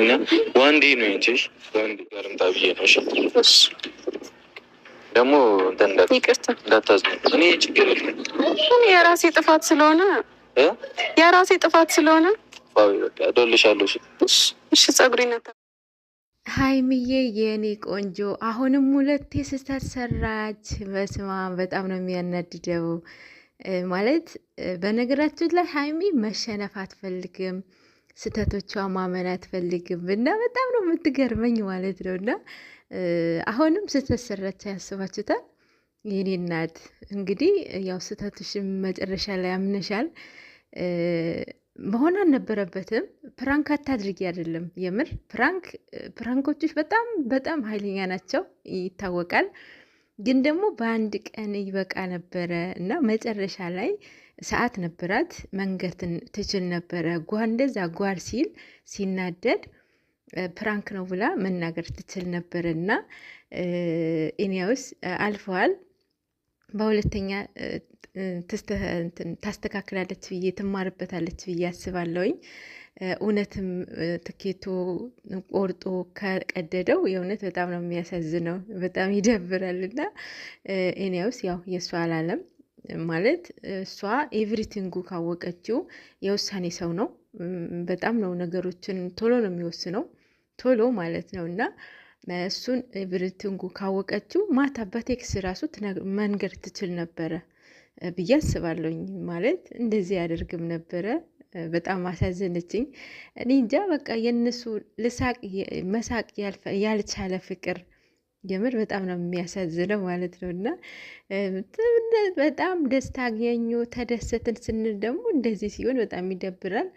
እና ዋንዴ ነው እንችሽ ዋንዴ ጋር ብዬ ነው። እሺ ደግሞ ይቅርታ እኔ ችግር የለም የራሴ ጥፋት ስለሆነ የራሴ ጥፋት ስለሆነ እደልሻለሁ። እሺ ጸጉሪ ነ ሀይሚዬ የእኔ ቆንጆ አሁንም ሁለቴ ስህተት ሰራች። በስመ በጣም ነው የሚያናድደው። ማለት በነገራችን ላይ ሀይሚ መሸነፍ አትፈልግም። ስህተቶቿ ማመን አትፈልግም እና በጣም ነው የምትገርመኝ ማለት ነው። እና አሁንም ስህተት ሰራች ያስባችሁታል። የኔ እናት እንግዲህ ያው ስህተትሽም መጨረሻ ላይ አምነሻል። መሆን አልነበረበትም። ፕራንክ አታድርጊ አይደለም የምር ፕራንክ ፕራንኮችሽ በጣም በጣም ኃይለኛ ናቸው ይታወቃል። ግን ደግሞ በአንድ ቀን ይበቃ ነበረ እና መጨረሻ ላይ ሰዓት ነበራት፣ መንገር ትችል ነበረ። ጓ እንደዛ ጓር ሲል ሲናደድ ፕራንክ ነው ብላ መናገር ትችል ነበረ እና ኢኒያውስ አልፈዋል። በሁለተኛ ታስተካክላለች ብዬ ትማርበታለች ብዬ አስባለሁኝ። እውነትም ትኬቱ ቆርጦ ከቀደደው የእውነት በጣም ነው የሚያሳዝነው፣ በጣም ይደብራል። እና እኔውስ ያው የእሷ አላለም ማለት እሷ ኤቭሪቲንጉ ካወቀችው የውሳኔ ሰው ነው። በጣም ነው ነገሮችን ቶሎ ነው የሚወስነው፣ ቶሎ ማለት ነው እና እሱን ኤቭሪቲንጉ ካወቀችው ማታ በቴክስ ራሱ መንገድ ትችል ነበረ ብዬ አስባለሁኝ። ማለት እንደዚህ ያደርግም ነበረ በጣም አሳዘነችኝ። እኔ እንጃ በቃ የእነሱ ልሳቅ መሳቅ ያልቻለ ፍቅር የምር በጣም ነው የሚያሳዝነው ማለት ነው። እና በጣም ደስታ አገኘ ተደሰትን ስንል ደግሞ እንደዚህ ሲሆን በጣም ይደብራል።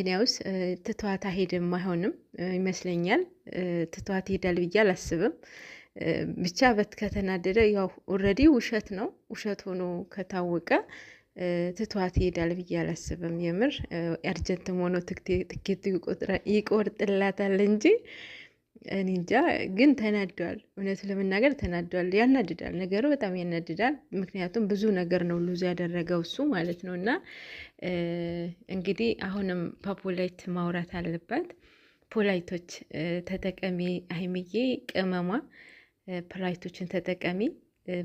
እኔያውስ ትቷት አይሄድም አይሆንም ይመስለኛል። ትቷት ይሄዳል ብዬ አላስብም። ብቻ በት ከተናደደ ያው ኦልሬዲ ውሸት ነው ውሸት ሆኖ ከታወቀ ትቷት ይሄዳል ብዬ አላስብም። የምር አርጀንት ሆኖ ትኬቱ ይቆርጥላታል እንጂ እኔ እንጃ። ግን ተናዷል፣ እውነት ለመናገር ተናዷል። ያናድዳል፣ ነገሩ በጣም ያናድዳል። ምክንያቱም ብዙ ነገር ነው ሉዝ ያደረገው እሱ ማለት ነው። እና እንግዲህ አሁንም ፖፑላይት ማውራት አለባት። ፖላይቶች ተጠቀሚ፣ አይምዬ ቅመሟ ፕራይቶችን ተጠቀሚ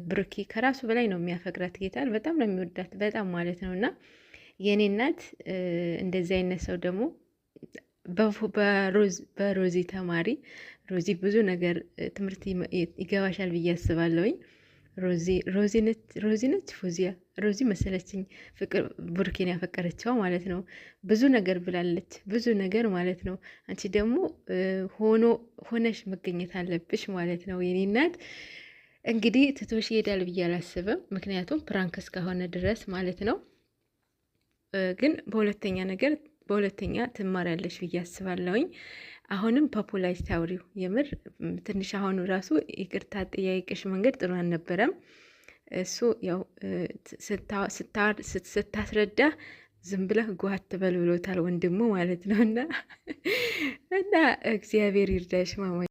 ብሩኬ ከራሱ በላይ ነው የሚያፈቅራት ጌታን በጣም ነው የሚወዳት በጣም ማለት ነው። እና የእኔ እናት እንደዚህ አይነት ሰው ደግሞ በሮዚ ተማሪ ሮዚ ብዙ ነገር ትምህርት ይገባሻል ብዬ አስባለሁኝ። ሮዚ ነች ፉዚያ ሮዚ መሰለችኝ ፍቅር ቡርኪን ያፈቀረችዋ ማለት ነው። ብዙ ነገር ብላለች፣ ብዙ ነገር ማለት ነው። አንቺ ደግሞ ሆኖ ሆነሽ መገኘት አለብሽ ማለት ነው የኔ እናት እንግዲህ ትቶሽ ይሄዳል ብዬ አላስብም። ምክንያቱም ፕራንክ እስከሆነ ድረስ ማለት ነው። ግን በሁለተኛ ነገር በሁለተኛ ትማሪያለሽ ብዬ አስባለሁኝ። አሁንም ፖፑላይዝ ታውሪው የምር ትንሽ አሁኑ ራሱ ይቅርታ ጥያቄሽ መንገድ ጥሩ አልነበረም። እሱ ያው ስታስረዳ ዝም ብለህ ጓት ትበል ብሎታል ወንድሙ ማለት ነው እና እና እግዚአብሔር ይርዳሽ ማማ